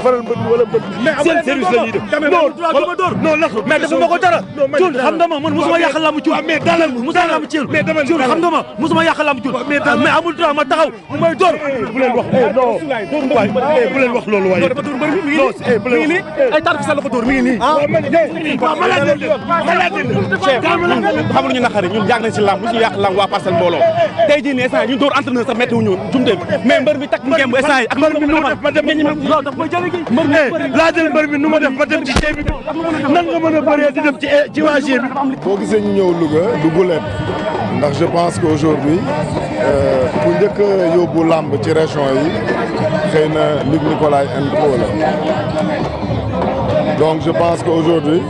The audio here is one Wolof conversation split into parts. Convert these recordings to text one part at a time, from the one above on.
faral mbët wala mbët seen service la ñuy def non non mais dafa ma ko dara cuun xam nga ma man musuma yàq lamb cuun mais dalal musuma lamb cuun cuun xam nga ma musuma yàq lamb cuun mais amul droit ma taxaw mu may door bu leen wax non bu leen wax loolu waaye non bu leen wax ay tarki sa la ko door mi ngi nii xamul ñu naqari ñun yàgg nañ si lamb ñu yàq lamb waa parcelle mbooloo tey jii nii instant ñu door entraîneur sax métti wu ñu jumte mais mbër bi takk ngemb instant yi ak laa jël mbër bi eh, nu ma def ba dem ci G bi nan nga mën a bëree di dem ci eh, ci waa G bi. boo ñëw Louga du guleet ndax je pense que aujourd'hui euh, ku njëkk yóbbu làmb ci région yi xëy na Luc Nicolaï Nko la donc je pense que aujourd'hui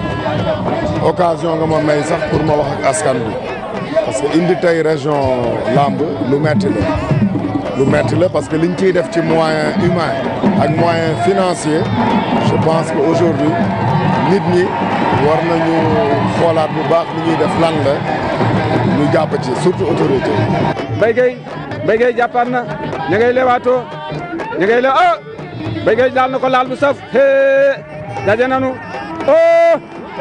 occasion nga ma may sax pour ma wax ak askan bi parce que indi tey région làmb lu metti la. lu metti la parce que liñ ciy def ci moyen humain ak moyen financier je pense que aujourd'hui nit ñi war nañu xoolaat bu baax li ñuy def lan la ñu jàpp ci surtout autorité Mbaye Gueye Mbaye Gueye jàppaat na ña ngay lewaatoo ña le ah Mbaye Gueye laal na ko laal bu saf hee daje nanu oh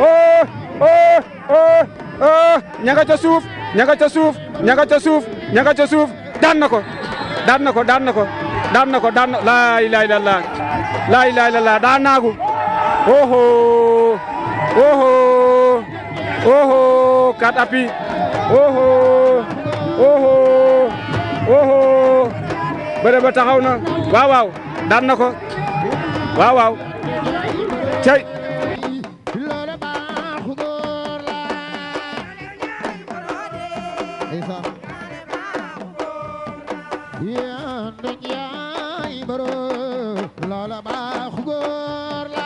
oh oh oh oh ña nga ca suuf ña ca suuf ña ca suuf ña ca suuf daan na ko daan na ko daan na ko daan na ko daan na laa ilaaha illallaah laa ilaaha illallaah daan naa ko oho kat api oho oho oho bëre ba taxaw na waaw waaw ko waaw cey la baax góor la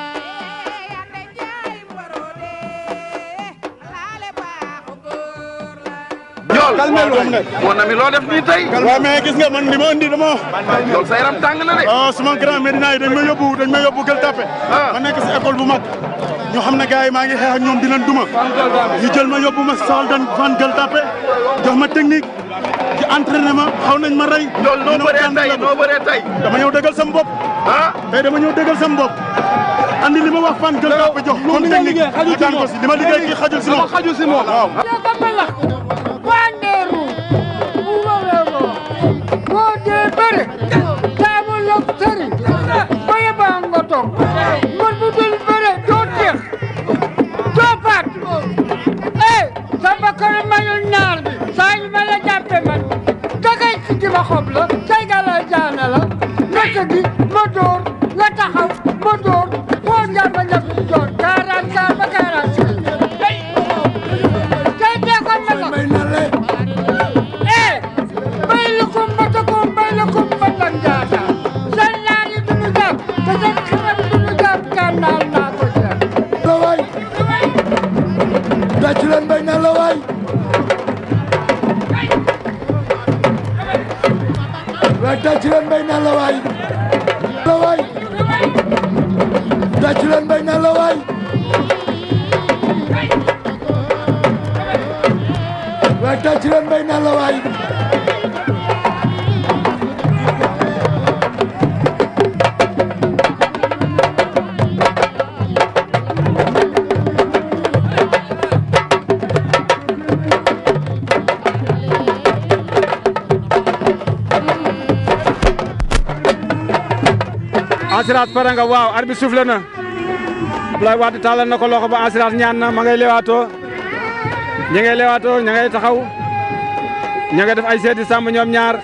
Ndiol calmel woon nga. mon ami loo def nii tey. waaw mais gis nga man li ma andi dama. Ndiol sa yaram tàng na de. ah suma grand Médina yi dañ ma yóbbu dañ ma yóbbu Gueule Tapée. Ah. ma nekk si école bu mag. ñu xam ne gars yi maa ngi xeex ak ñoom di leen duma ñu jël ma yóbbu ma sol dan fan gël tàppe jox ma technique ci entraînement xaw nañ ma rey loolu noo bëree tey noo bëree tey dama ñëw dëggal sama bopp ah tey dama ñëw dëggal sama bopp li ma wax fan gël tàppe jox comme technique ñu daan ko si li ma liggéey kii xajul si moom xajul si moom waaw bandeeru bu wowoo moo dee bëre tàcc leen mbay naan la waay la waay tàcc leen mbay naan la waay waaye tàcc leen mbay naan la waay assurance pare nga waaw arbitre soufflé na Abdoulaye Wade tàllal na ko loxo ba assurance ñaan na ma ngay leewaatoo ña ngay leewaatoo ña taxaw ña ngay def ay seeti sàmm ñoom ñaar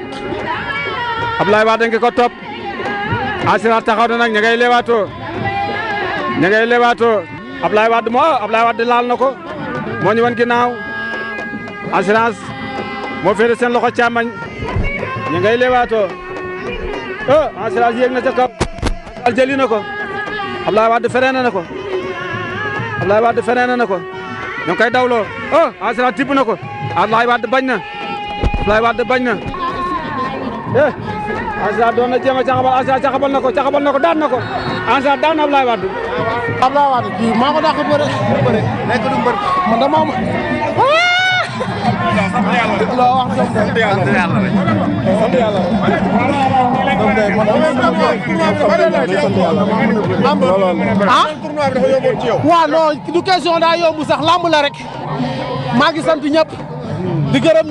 Abdoulaye Wade ngi ko topp assurance taxaw na nag ña ngay leewaatoo ña ngay leewaatoo Abdoulaye Wade moo Abdoulaye Wade laal na ko moo ñu wan ginnaaw assurance moo féete seen loxo càmmañ ña ngay leewaatoo oh na ca Macky Sall jëli na ko Abdoulaye Wade freiné na ko Abdoulaye Wade freiné na ko ñu dawloo oh Asra tibb na ko Abdoulaye Wade bañ na Abdoulaye Wade bañ na eh Asra doon na jéem a caxabal na ko caxabal na ko daan ko Asra daan na Abdoulaye Wade. Abdoulaye maa ko dàq bëre bëre nekk du mbër man dama oh, loo wax la rek sant ñëpp di gërëm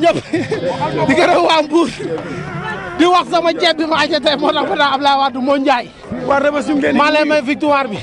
wax sama ceeb ma acheté moo tax fa daa Abdoulaye Wade moo Ndiaye. war na ma maa lay victoire bi.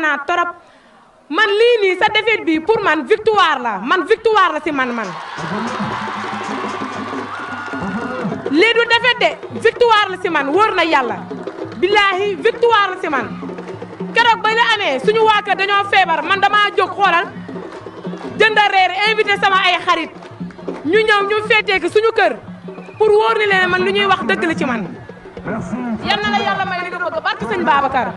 naa torop man lii nii sa défaite bi pour man victoire la man victoire la si man man lii du défaite de victoire la si man wóor na yàlla billaahi victoire la si man keroog ba ñu amee suñu waa kër dañoo feebar man damaa jóg xoolal jënd reer invité sama ay xarit ñu ñëw ñu féetee ki suñu kër pour wóor ni leen man lu ñuy wax dëgg la ci man yal na la yàlla may li nga bëgg barke sëñ Babacar